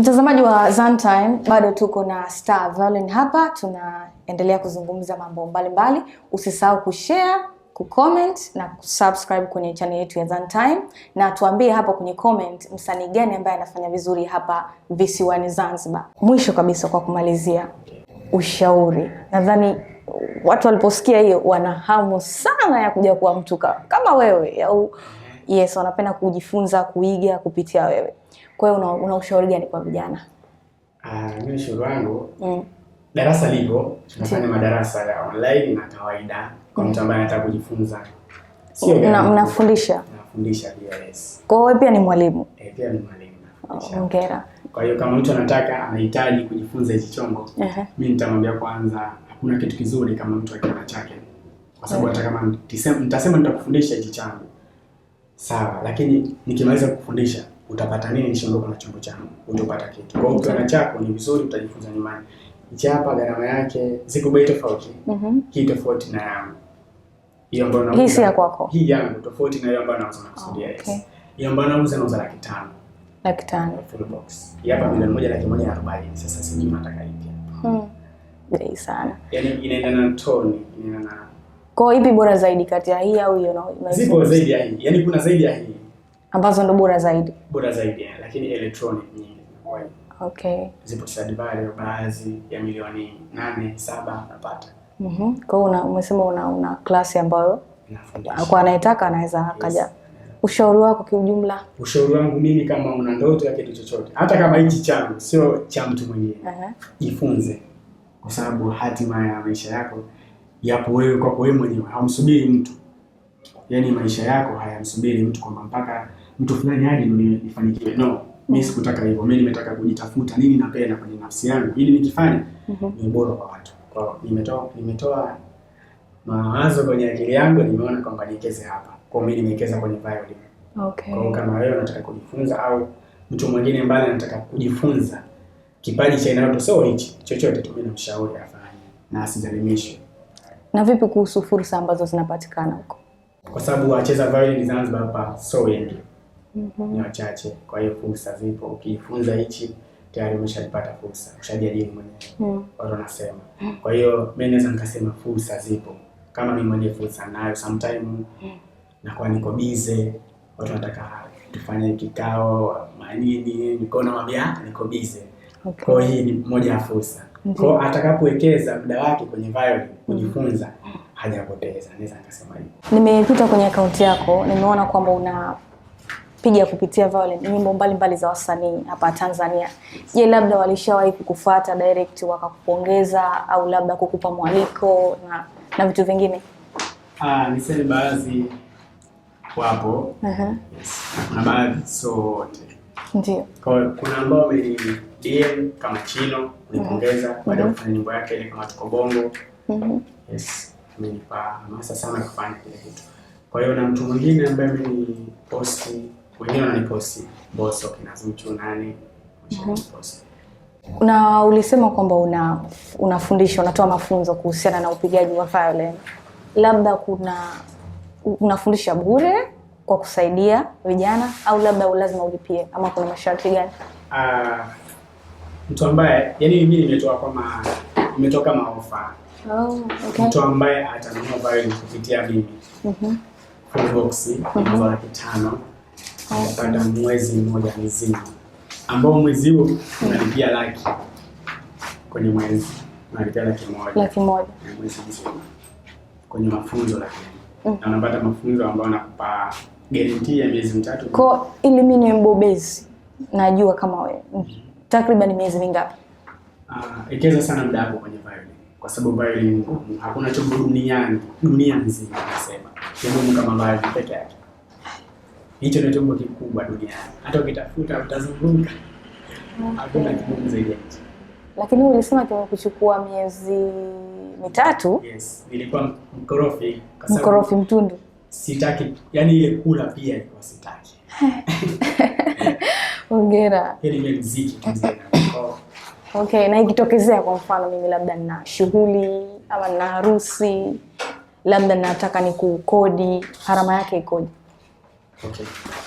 Mtazamaji wa Zantime, bado tuko na Star Violin hapa, tunaendelea kuzungumza mambo mbalimbali. Usisahau kushare, kucomment na kusubscribe kwenye channel yetu ya Zantime, na tuambie hapo kwenye comment msanii gani ambaye anafanya vizuri hapa visiwani Zanzibar. Mwisho kabisa, kwa kumalizia, ushauri, nadhani watu waliposikia hiyo wana hamu sana ya kuja kuwa mtu kama wewe au yes, wanapenda kujifunza kuiga kupitia wewe. Kwa hiyo una, una ushauri gani kwa vijana? Ah, mimi ushauri wangu mm. darasa lipo, tunafanya madarasa ya online na kawaida kwa mtu ambaye anataka kujifunza. Sio mnafundisha? Nafundisha yes. Kwa hiyo pia ni mwalimu? Eh, pia ni mwalimu. Hongera. Kwa hiyo kama mtu anataka anahitaji kujifunza hichi chombo uh -huh. mimi nitamwambia kwanza, hakuna kitu kizuri kama mtu akiona chake, kwa sababu mm. hata kama nitasema nitakufundisha hichi changu sawa, lakini nikimaliza kukufundisha utapata nini nikiondoka na chombo changu? Utapata kitu. Kwa hiyo na chako ni vizuri, utajifunza nyumbani. hapa gharama yake ziko bei tofauti. Mhm. hii tofauti na yangu. Hiyo ambayo na Hii ya kwako. Hii yangu tofauti na hiyo ambayo nauza nakusudia. Oh, okay. Hiyo ambayo nauza nauza laki tano. Laki tano full box. Hii hapa milioni moja laki moja na arobaini. Sasa sijui nataka ipi. Mhm. Bei sana. Yaani inaendana na toni, inaendana na. Kwa ipi bora zaidi kati ya hii au hiyo na? Zipo zaidi ya hii. Yaani kuna zaidi ya hii ambazo ndo bora zaidi, bora zaidi ya, eh, lakini electronic nyingi okay, zipo Stradivarius baadhi ya milioni nane saba napata. mm-hmm. Kwa hiyo umesema una, una klasi ambayo kwa anayetaka anaweza akaja. yes. Ushauri wako kiujumla? Ushauri wangu mimi, kama una ndoto ya kitu chochote, hata kama hichi changu sio cha mtu mwingine uh -huh. Jifunze, kwa sababu hatima ya maisha yako yapo wewe, kwako wewe mwenyewe, hamsubiri mtu. Yaani maisha yako hayamsubiri mtu kwamba mpaka mtu fulani aje ndio nifanikiwe. No, mimi mm. sikutaka hivyo. Mimi nimetaka kujitafuta nini napenda kwenye nafsi yangu ili nikifanye mm -hmm. ni bora kwa watu. Kwa hiyo nimetoa nimetoa mawazo kwenye akili yangu, nimeona kwamba niwekeze hapa. Kwa hiyo mimi nimewekeza kwenye violin. Okay. Kwa hiyo kama wewe unataka kujifunza au mtu mwingine mbali anataka kujifunza kipaji cha inayoto sio hichi chochote, tumie na mshauri afanye na asijalimishwe. Na vipi kuhusu fursa ambazo zinapatikana huko? Kwa sababu wacheza violin Zanzibar hapa sio wengi. -hmm. ni wachache. Kwa hiyo fursa zipo, ukijifunza hichi tayari umeshapata fursa, ushajadili mwenyewe mm. watu wanasema. Kwa hiyo mimi naweza nikasema fursa zipo, kama mimi mwenyewe fursa nayo, sometime mm. nakuwa niko bize, watu wanataka tufanye kikao manini, niko na mabia, niko bize okay. Kwa hiyo hii ni moja ya fursa kwa atakapowekeza muda wake kwenye violin mhm. kujifunza, mhm. hajapoteza. Naweza nikasema hivyo. Nimepita kwenye akaunti yako, nimeona kwamba una piga kupitia Violent nyimbo mbalimbali za wasanii hapa Tanzania. Je, labda walishawahi kukufuata direct wakakupongeza au labda kukupa mwaliko na na vitu vingine? Ah, niseme baadhi wapo. uh -huh. Yes. Na baadhi sio wote. Ndio. Kwa kuna ambao wameni DM kama Chino kunipongeza mhm. baada ya mhm. kufanya nyimbo yake ile kama tuko bongo. Mhm. Yes. Amenipa hamasa sana kufanya kile kitu. Kwa hiyo na mtu mwingine ambaye ameni posti wengine wananiposti boso kina Zuchu, nani wananiposti. Mhm. Na ulisema kwamba una unafundisha unatoa mafunzo kuhusiana na upigaji wa violin, labda kuna unafundisha bure kwa kusaidia vijana au labda lazima ulipie ama kuna masharti gani? Uh, mtu ambaye yani mimi nimetoa kama nimetoka kama ofa. Oh, okay. Mtu ambaye atanunua violin kupitia mimi. Mhm. Mm box, mm -hmm. kitano baada mwezi mmoja mzima, ambao mwezi huo unalipia laki kwenye mwezi unalipia laki moja laki moja mwezi mzima kwenye mafunzo laki mm. na unapata mafunzo ambayo nakupa guarantee ya miezi mitatu. Kwa ili mimi ni mbobezi, najua kama we mm. takriban miezi mingapi? Uh, ekeza sana muda wako kwenye violin kwa sababu violin ngumu, hakuna chombo duniani dunia nzima nasema, ngumu kama violin peke yake hicho ni chombo kikubwa duniani, hata ukitafuta utazunguka, hakuna kigumu zaidi ya hicho. Lakini ulisema kimekuchukua miezi mitatu? Yes, nilikuwa mkorofi, mkorofi mtundu, sitaki yani ile kula pia ilikuwa sitaki. Hongera. Okay, na ikitokezea kwa mfano mimi labda nina shughuli ama nina harusi, labda nataka ni kukodi, gharama yake ikoje?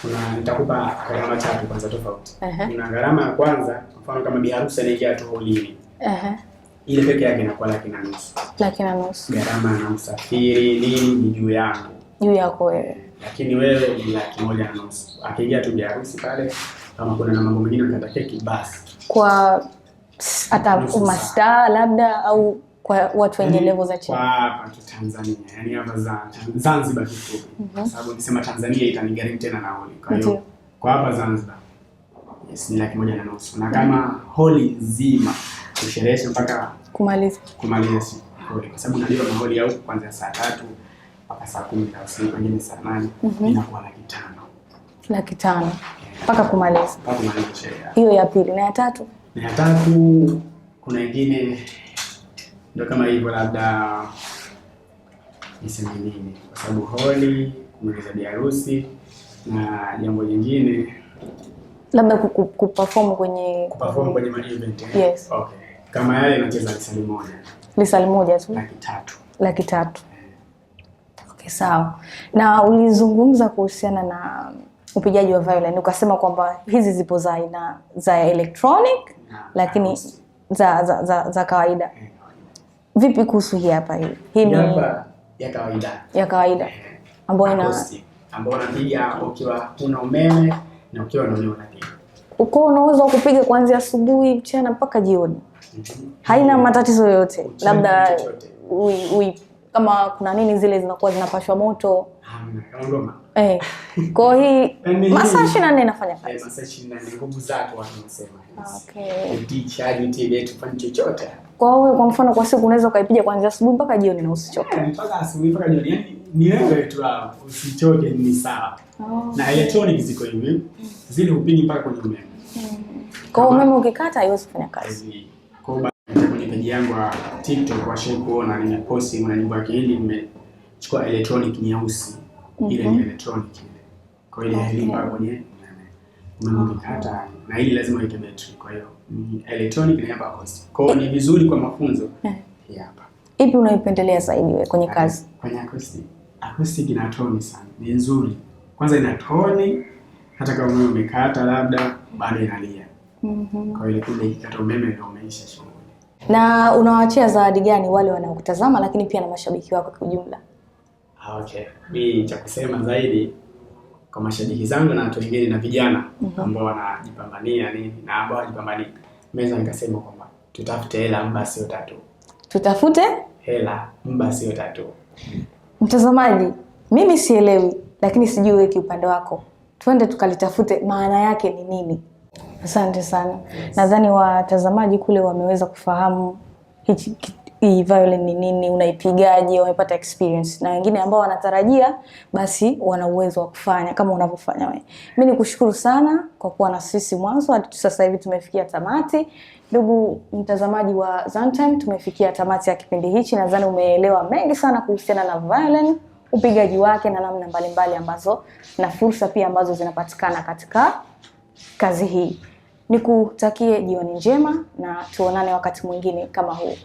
Kuna nitakupa gharama tatu kwanza tofauti. Uh -huh. Kuna gharama ya kwanza, kwa mfano kama biharusi anaingia tu holini. Uh -huh. Ile peke yake inakuwa laki na nusu. Laki na nusu. Gharama ya usafiri nini ni juu yangu. Juu yako wewe. Lakini wewe ni laki moja na nusu. Akiingia tu biharusi pale, kama kuna na mambo mengine unataka keki basi. Kwa hata mastaa labda au kwa watu wenye yaani levo za chini. Hapa tu Tanzania, yani hapa za Zanzibar kifupi. Mm -hmm. Kwa mhm. sababu nisema Tanzania itanigharimu tena nauli. Kwa hiyo kwa hapa Zanzibar yes, ni laki moja na nusu na kama mm -hmm. holi nzima kusherehesha mpaka kumaliza kumaliza holi, kwa sababu unalipa maholi ya huku kuanzia saa tatu mpaka saa kumi na usiku, pengine saa nane mm -hmm. inakuwa laki tano laki tano mpaka kumaliza hiyo ya pili na ya tatu na ya tatu kuna wengine ndio kama hivyo, labda niseme nini, kwa sababu holi kumaliza biharusi na jambo lingine labda kuperform kwenye kuperform kwenye ma event. Eh? Yes. Okay. Kama yale nacheza lisali moja lisali moja tu laki tatu laki tatu. Eh. Okay, sawa. Na ulizungumza kuhusiana na upigaji wa violin ukasema kwamba hizi zipo za aina za electronic na, lakini za, za, za, za kawaida yeah. Vipi kuhusu hii hapa hii? Hii ni namba ya kawaida. Ya kawaida. Ambayo ina ambayo unapiga ukiwa huna umeme na ukiwa na umeme unapiga. Uko unaweza kupiga kuanzia asubuhi, mchana mpaka jioni. Mhm. Haina matatizo yote Labda ui, ui, kama kuna nini zile zinakuwa zinapashwa moto. Hamna, kama ngoma. Eh. Kwa hii masaa 24 nafanya kazi. Eh, masaa 24 nguvu zako watu wanasema. Okay. Ukichaji TV yetu fanya chochote. Kwa hiyo kwa mfano kwa siku unaweza ukaipiga kuanzia asubuhi mpaka jioni na usichoke. Eh, mpaka asubuhi mpaka jioni. Yaani ni wewe tu hapo usichoke ni sawa. Oh. Na electronic ziko hivi. Mm. Zile upingi mpaka kwenye umeme. Mm. Kwa hiyo umeme ukikata haiwezi kufanya kazi. Kwa hiyo kwenye peji yangu ya TikTok washai kuona nimeposti mwana nyumba ya Kihindi yaani, nimechukua electronic nyeusi ile ni mhm. electronic ile. Kwa hiyo ile halipa mwenyewe unamkata na ile lazima iwe battery. Kwa hiyo ni electronic na hapa host. Kwa hiyo ni vizuri kwa mafunzo. Hii eh. hapa. Ipi unaipendelea zaidi wewe kwenye ah, kazi? Kwenye acoustic. Acoustic ina tone sana. Ni nzuri. Kwanza ina tone hata kama wewe umekata labda bado inalia. Mhm. kwa hiyo kile ikikata umeme ndio umeisha shughuli. Na unawaachia zawadi gani wale wanaokutazama lakini pia na mashabiki wako kwa ujumla? Ah, okay, mi cha kusema zaidi kwa mashabiki zangu na watu wengine na vijana mm -hmm. ambao wanajipambania nini na ambao wajipambani, naweza nikasema kwamba tutafute hela mba sio tatu, tutafute hela mba sio tatu. Mtazamaji, mimi sielewi, lakini sijui wewe kiupande wako, twende tukalitafute maana yake ni nini. Asante sana yes. Nadhani watazamaji kule wameweza kufahamu hichi hii violin ni nini, unaipigaje, wamepata experience na wengine ambao wanatarajia basi wana uwezo wa kufanya kama unavyofanya wewe. Mimi nikushukuru sana kwa kuwa na sisi mwanzo hadi sasa hivi tumefikia tamati. Ndugu mtazamaji wa Zantime, tumefikia tamati ya kipindi hichi. Nadhani umeelewa mengi sana kuhusiana na violin, upigaji wake na namna mbalimbali ambazo na fursa pia ambazo zinapatikana katika kazi hii. Nikutakie jioni njema na tuonane wakati mwingine kama huu.